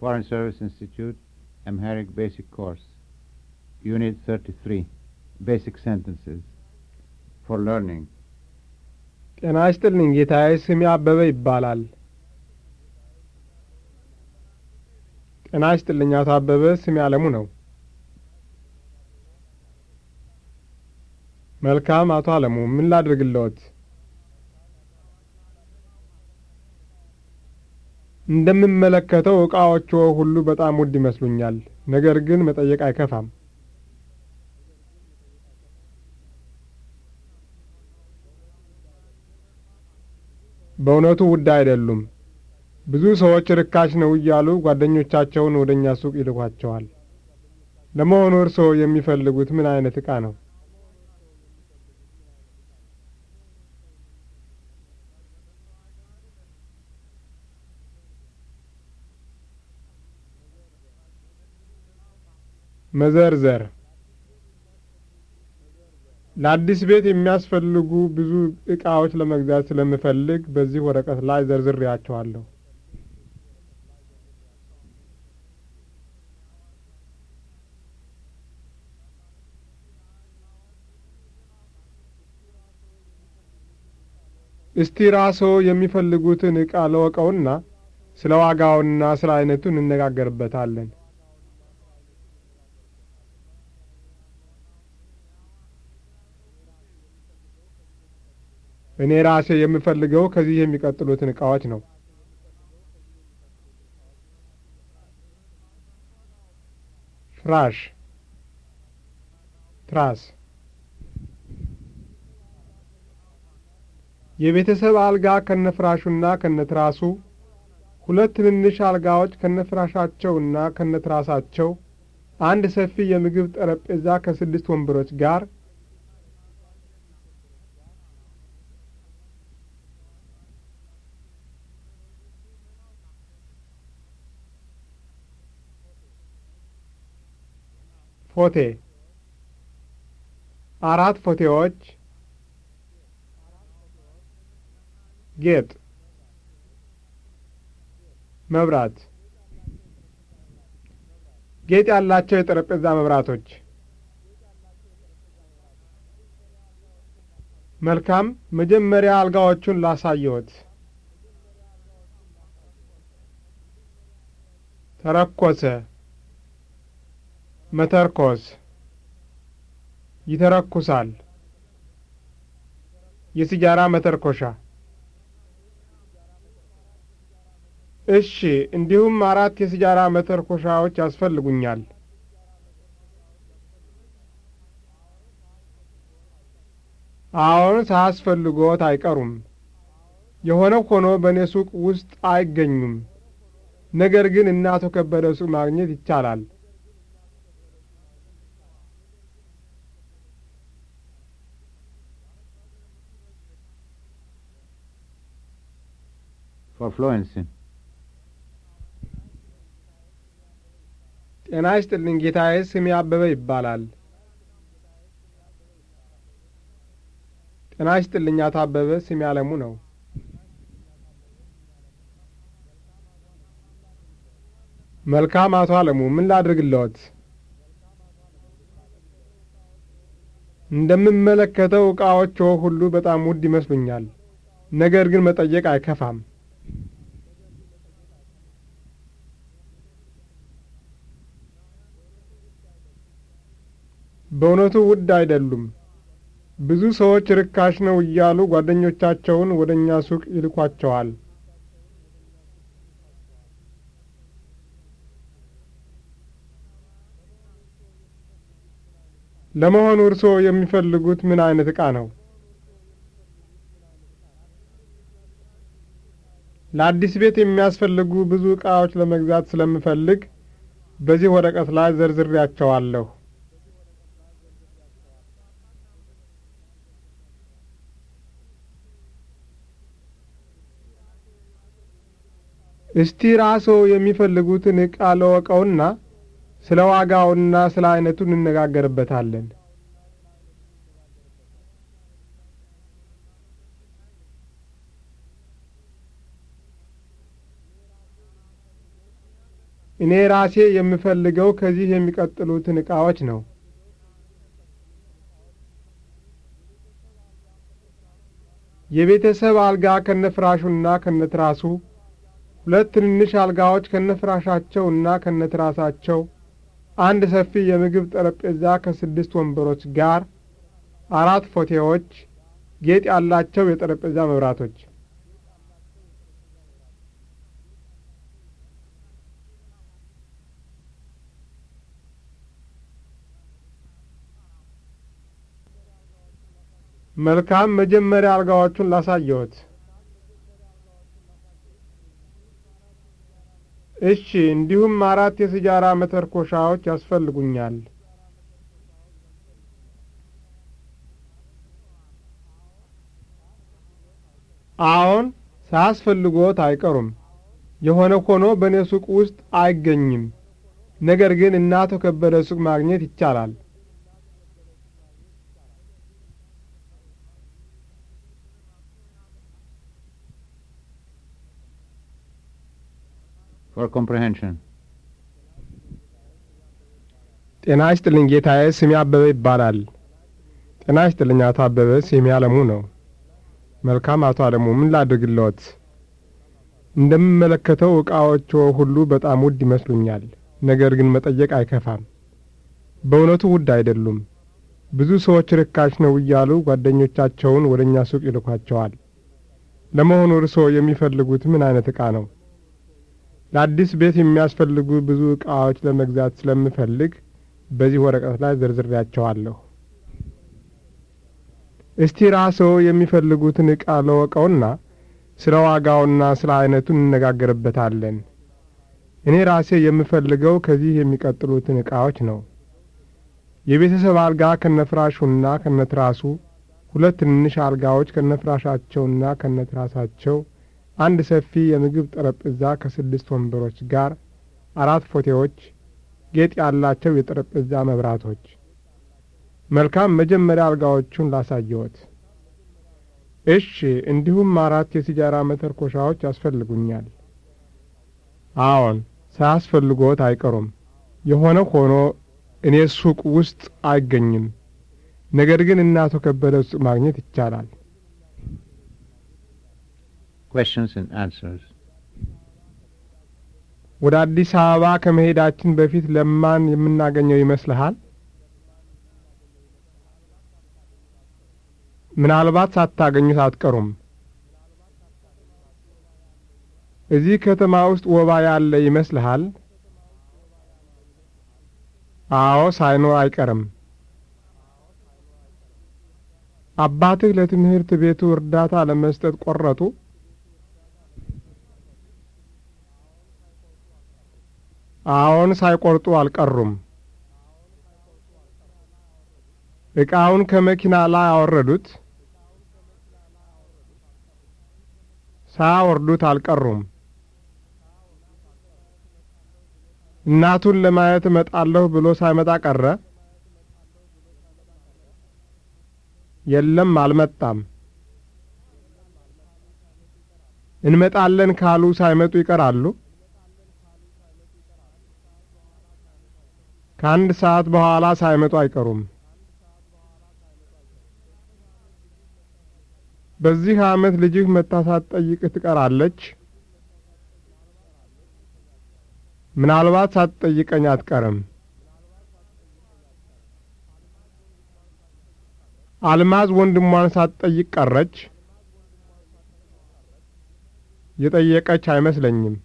Foreign Service Institute, Amharic Basic Course, Unit 33, Basic Sentences, for Learning. ጤና ይስጥልኝ ጌታዬ፣ ስሜ አበበ ይባላል። ጤና ይስጥልኝ አቶ አበበ፣ ስሜ አለሙ ነው። መልካም አቶ አለሙ፣ ምን ላድርግልዎት? እንደምመለከተው ዕቃዎችዎ ሁሉ በጣም ውድ ይመስሉኛል። ነገር ግን መጠየቅ አይከፋም። በእውነቱ ውድ አይደሉም። ብዙ ሰዎች ርካሽ ነው እያሉ ጓደኞቻቸውን ወደ እኛ ሱቅ ይልኳቸዋል። ለመሆኑ እርስዎ የሚፈልጉት ምን አይነት ዕቃ ነው? መዘርዘር ለአዲስ ቤት የሚያስፈልጉ ብዙ እቃዎች ለመግዛት ስለምፈልግ በዚህ ወረቀት ላይ ዘርዝሬያቸዋለሁ። እስቲ ራስዎ የሚፈልጉትን ዕቃ ለወቀውና ስለ ዋጋውና ስለ አይነቱ እንነጋገርበታለን። እኔ ራሴ የምፈልገው ከዚህ የሚቀጥሉትን እቃዎች ነው። ፍራሽ፣ ትራስ፣ የቤተሰብ አልጋ ከነ ከነ ከነትራሱ፣ ሁለት ትንንሽ አልጋዎች ከነፍራሻቸውና ከነትራሳቸው፣ አንድ ሰፊ የምግብ ጠረጴዛ ከስድስት ወንበሮች ጋር ፎቴ አራት ፎቴዎች ጌጥ መብራት ጌጥ ያላቸው የጠረጴዛ መብራቶች መልካም መጀመሪያ አልጋዎቹን ላሳየዎት ተረኮሰ። መተርኮስ ይተረኩሳል። የሲጃራ መተርኮሻ እሺ፣ እንዲሁም አራት የሲጃራ መተርኮሻዎች ያስፈልጉኛል። አዎን፣ ሳያስፈልግዎት አይቀሩም። የሆነ ሆኖ በእኔ ሱቅ ውስጥ አይገኙም። ነገር ግን እናቶ ከበደ ሱቅ ማግኘት ይቻላል። Frau Florensin. ጤና ይስጥልኝ ጌታዬ፣ ስሜ አበበ ይባላል። ጤና ይስጥልኝ አቶ አበበ፣ ስሜ አለሙ ነው። መልካም አቶ አለሙ፣ ምን ላድርግልዎት? እንደምመለከተው ዕቃዎችዎ ሁሉ በጣም ውድ ይመስሉኛል። ነገር ግን መጠየቅ አይከፋም። በእውነቱ ውድ አይደሉም። ብዙ ሰዎች ርካሽ ነው እያሉ ጓደኞቻቸውን ወደ እኛ ሱቅ ይልኳቸዋል። ለመሆኑ እርስዎ የሚፈልጉት ምን አይነት ዕቃ ነው? ለአዲስ ቤት የሚያስፈልጉ ብዙ ዕቃዎች ለመግዛት ስለምፈልግ በዚህ ወረቀት ላይ ዘርዝሬያቸዋለሁ። እስቲ ራስዎ የሚፈልጉትን ዕቃ ለወቀውና ስለ ዋጋውና ስለ ዐይነቱ እንነጋገርበታለን። እኔ ራሴ የምፈልገው ከዚህ የሚቀጥሉትን ዕቃዎች ነው። የቤተሰብ አልጋ ከነፍራሹና ከነትራሱ ሁለት ትንንሽ አልጋዎች እና ከነትራሳቸው፣ አንድ ሰፊ የምግብ ጠረጴዛ ከስድስት ወንበሮች ጋር፣ አራት ፎቴዎች፣ ጌጥ ያላቸው የጠረጴዛ መብራቶች። መልካም መጀመሪያ አልጋዎቹን ላሳየዎት። እሺ፣ እንዲሁም አራት የስጃራ መተርኮሻዎች ያስፈልጉኛል። አዎን፣ ሳያስፈልጎት አይቀሩም። የሆነ ሆኖ በእኔ ሱቅ ውስጥ አይገኝም። ነገር ግን እናቶ ከበደ ሱቅ ማግኘት ይቻላል። for comprehension. ጤና ይስጥልኝ ጌታዬ፣ ስሜ አበበ ይባላል። ጤና ይስጥልኝ አቶ አበበ፣ ስሜ አለሙ ነው። መልካም አቶ አለሙ፣ ምን ላድርግልዎት? እንደምመለከተው ዕቃዎችዎ ሁሉ በጣም ውድ ይመስሉኛል። ነገር ግን መጠየቅ አይከፋም። በእውነቱ ውድ አይደሉም። ብዙ ሰዎች ርካሽ ነው እያሉ ጓደኞቻቸውን ወደ እኛ ሱቅ ይልኳቸዋል። ለመሆኑ እርስዎ የሚፈልጉት ምን አይነት ዕቃ ነው? ለአዲስ ቤት የሚያስፈልጉ ብዙ ዕቃዎች ለመግዛት ስለምፈልግ በዚህ ወረቀት ላይ ዘርዝሬያቸዋለሁ። እስቲ ራስዎ የሚፈልጉትን ዕቃ ለወቀውና ስለ ዋጋውና ስለ ዐይነቱ እንነጋገርበታለን። እኔ ራሴ የምፈልገው ከዚህ የሚቀጥሉትን ዕቃዎች ነው። የቤተሰብ አልጋ ከነፍራሹና ከነትራሱ፣ ሁለት ትንንሽ አልጋዎች ከነፍራሻቸውና ከነትራሳቸው አንድ ሰፊ የምግብ ጠረጴዛ ከስድስት ወንበሮች ጋር፣ አራት ፎቴዎች፣ ጌጥ ያላቸው የጠረጴዛ መብራቶች። መልካም፣ መጀመሪያ አልጋዎቹን ላሳየዎት። እሺ፣ እንዲሁም አራት የሲጃራ መተርኮሻዎች ያስፈልጉኛል። አዎን፣ ሳያስፈልግዎት አይቀሩም። የሆነ ሆኖ እኔ ሱቅ ውስጥ አይገኝም። ነገር ግን እናቶ ከበደ ሱቅ ማግኘት ይቻላል። questions and answers. ወደ አዲስ አበባ ከመሄዳችን በፊት ለማን የምናገኘው ይመስልሃል? ምናልባት ሳታገኙት አትቀሩም። እዚህ ከተማ ውስጥ ወባ ያለ ይመስልሃል? አዎ፣ ሳይኖር አይቀርም። አባትህ ለትምህርት ቤቱ እርዳታ ለመስጠት ቆረጡ? አዎን፣ ሳይቆርጡ አልቀሩም። ዕቃውን ከመኪና ላይ አወረዱት። ሳያወርዱት አልቀሩም። እናቱን ለማየት እመጣለሁ ብሎ ሳይመጣ ቀረ። የለም፣ አልመጣም። እንመጣለን ካሉ ሳይመጡ ይቀራሉ። ከአንድ ሰዓት በኋላ ሳይመጡ አይቀሩም። በዚህ ዓመት ልጅህ መታሳት ጠይቅህ ትቀራለች? ምናልባት ሳትጠይቀኝ አትቀርም። አልማዝ ወንድሟን ሳትጠይቅ ቀረች? የጠየቀች አይመስለኝም።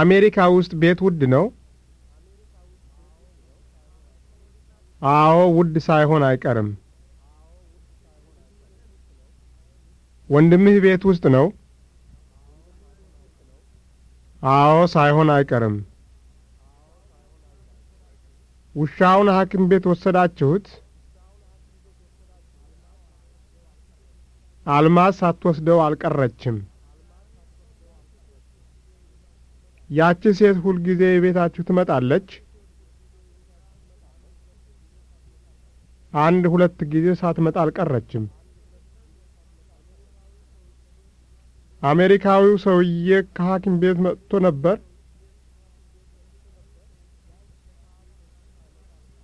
አሜሪካ ውስጥ ቤት ውድ ነው? አዎ፣ ውድ ሳይሆን አይቀርም። ወንድምህ ቤት ውስጥ ነው? አዎ፣ ሳይሆን አይቀርም። ውሻውን ሐኪም ቤት ወሰዳችሁት? አልማዝ ሳትወስደው አልቀረችም። ያቺ ሴት ሁልጊዜ የቤታችሁ ትመጣለች? አንድ ሁለት ጊዜ ሳትመጣ አልቀረችም። አሜሪካዊው ሰውዬ ከሐኪም ቤት መጥቶ ነበር?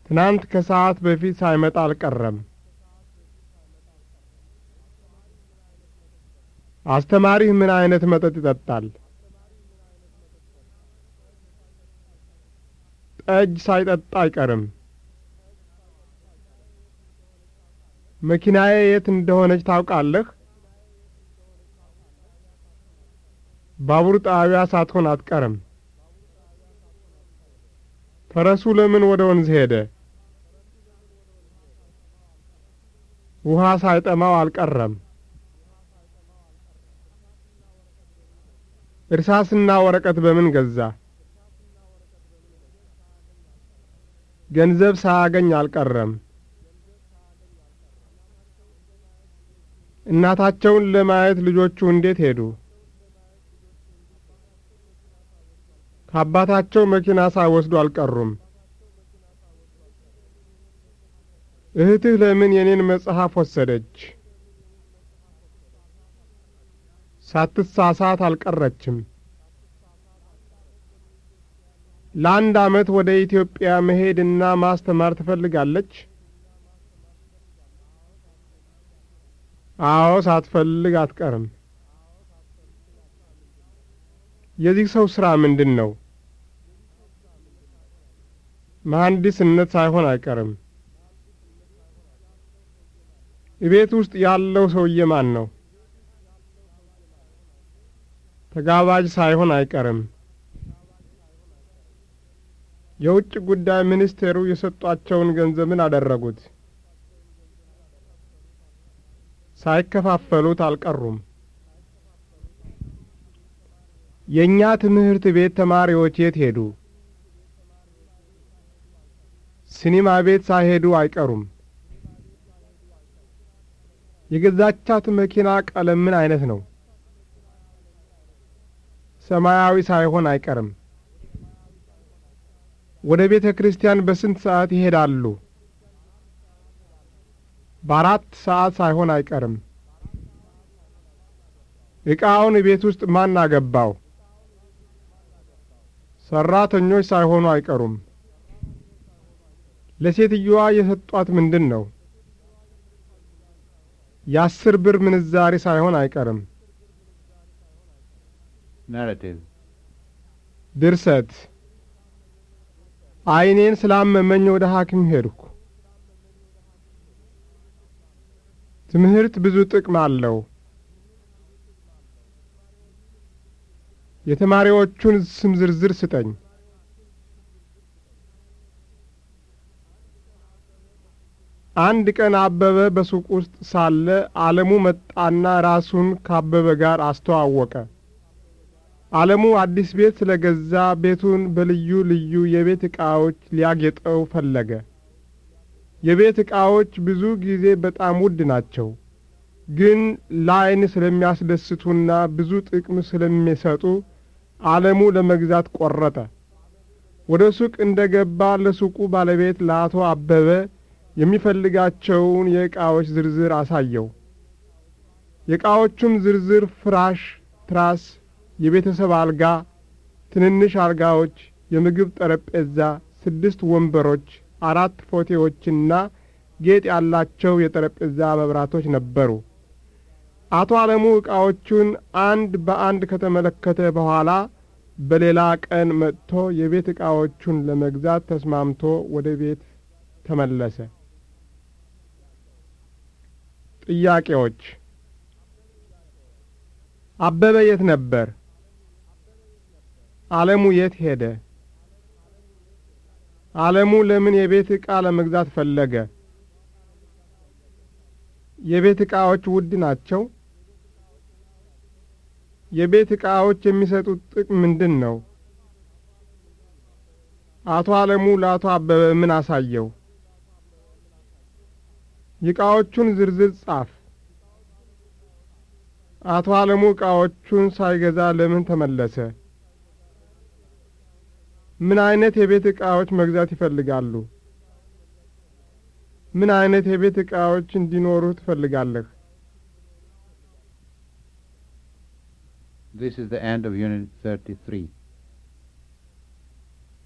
ትናንት ከሰዓት በፊት ሳይመጣ አልቀረም። አስተማሪህ ምን አይነት መጠጥ ይጠጣል? ጠጅ ሳይጠጣ አይቀርም። መኪናዬ የት እንደሆነች ታውቃለህ? ባቡር ጣቢያ ሳትሆን አትቀርም። ፈረሱ ለምን ወደ ወንዝ ሄደ? ውሃ ሳይጠማው አልቀረም። እርሳስና ወረቀት በምን ገዛ? ገንዘብ ሳያገኝ አልቀረም። እናታቸውን ለማየት ልጆቹ እንዴት ሄዱ? ከአባታቸው መኪና ሳይወስዱ አልቀሩም። እህትህ ለምን የኔን መጽሐፍ ወሰደች? ሳትሳሳት አልቀረችም። ለአንድ ዓመት ወደ ኢትዮጵያ መሄድና ማስተማር ትፈልጋለች? አዎ፣ ሳትፈልግ አትቀርም። የዚህ ሰው ሥራ ምንድን ነው? መሐንዲስነት ሳይሆን አይቀርም። ቤት ውስጥ ያለው ሰውዬ ማን ነው? ተጋባዥ ሳይሆን አይቀርም። የውጭ ጉዳይ ሚኒስቴሩ የሰጧቸውን ገንዘብን አደረጉት። ሳይከፋፈሉት አልቀሩም። የእኛ ትምህርት ቤት ተማሪዎች የት ሄዱ? ሲኒማ ቤት ሳይሄዱ አይቀሩም። የገዛቻት መኪና ቀለም ምን አይነት ነው? ሰማያዊ ሳይሆን አይቀርም። ወደ ቤተ ክርስቲያን በስንት ሰዓት ይሄዳሉ? በአራት ሰዓት ሳይሆን አይቀርም። ዕቃውን ቤት ውስጥ ማን አገባው? ሠራተኞች ሳይሆኑ አይቀሩም። ለሴትየዋ የሰጧት ምንድን ነው? የአስር ብር ምንዛሪ ሳይሆን አይቀርም። ድርሰት ዓይኔን ስላመመኝ ወደ ሐኪም ሄድኩ። ትምህርት ብዙ ጥቅም አለው። የተማሪዎቹን ስም ዝርዝር ስጠኝ። አንድ ቀን አበበ በሱቅ ውስጥ ሳለ ዓለሙ መጣና ራሱን ከአበበ ጋር አስተዋወቀ። ዓለሙ አዲስ ቤት ስለገዛ ቤቱን በልዩ ልዩ የቤት ዕቃዎች ሊያጌጠው ፈለገ። የቤት ዕቃዎች ብዙ ጊዜ በጣም ውድ ናቸው፣ ግን ለዓይን ስለሚያስደስቱና ብዙ ጥቅም ስለሚሰጡ ዓለሙ ለመግዛት ቈረጠ። ወደ ሱቅ እንደ ገባ ለሱቁ ባለቤት ለአቶ አበበ የሚፈልጋቸውን የዕቃዎች ዝርዝር አሳየው። የዕቃዎቹም ዝርዝር ፍራሽ፣ ትራስ የቤተሰብ አልጋ፣ ትንንሽ አልጋዎች፣ የምግብ ጠረጴዛ፣ ስድስት ወንበሮች፣ አራት ፎቴዎችና ጌጥ ያላቸው የጠረጴዛ መብራቶች ነበሩ። አቶ አለሙ ዕቃዎቹን አንድ በአንድ ከተመለከተ በኋላ በሌላ ቀን መጥቶ የቤት ዕቃዎቹን ለመግዛት ተስማምቶ ወደ ቤት ተመለሰ። ጥያቄዎች አበበ የት ነበር? ዓለሙ የት ሄደ? ዓለሙ ለምን የቤት ዕቃ ለመግዛት ፈለገ? የቤት ዕቃዎች ውድ ናቸው? የቤት ዕቃዎች የሚሰጡት ጥቅም ምንድን ነው? አቶ ዓለሙ ለአቶ አበበ ምን አሳየው? የዕቃዎቹን ዝርዝር ጻፍ። አቶ ዓለሙ ዕቃዎቹን ሳይገዛ ለምን ተመለሰ? ምን አይነት የቤት ዕቃዎች መግዛት ይፈልጋሉ? ምን አይነት የቤት ዕቃዎች እንዲኖሩህ ትፈልጋለህ? This is the end of Unit 33.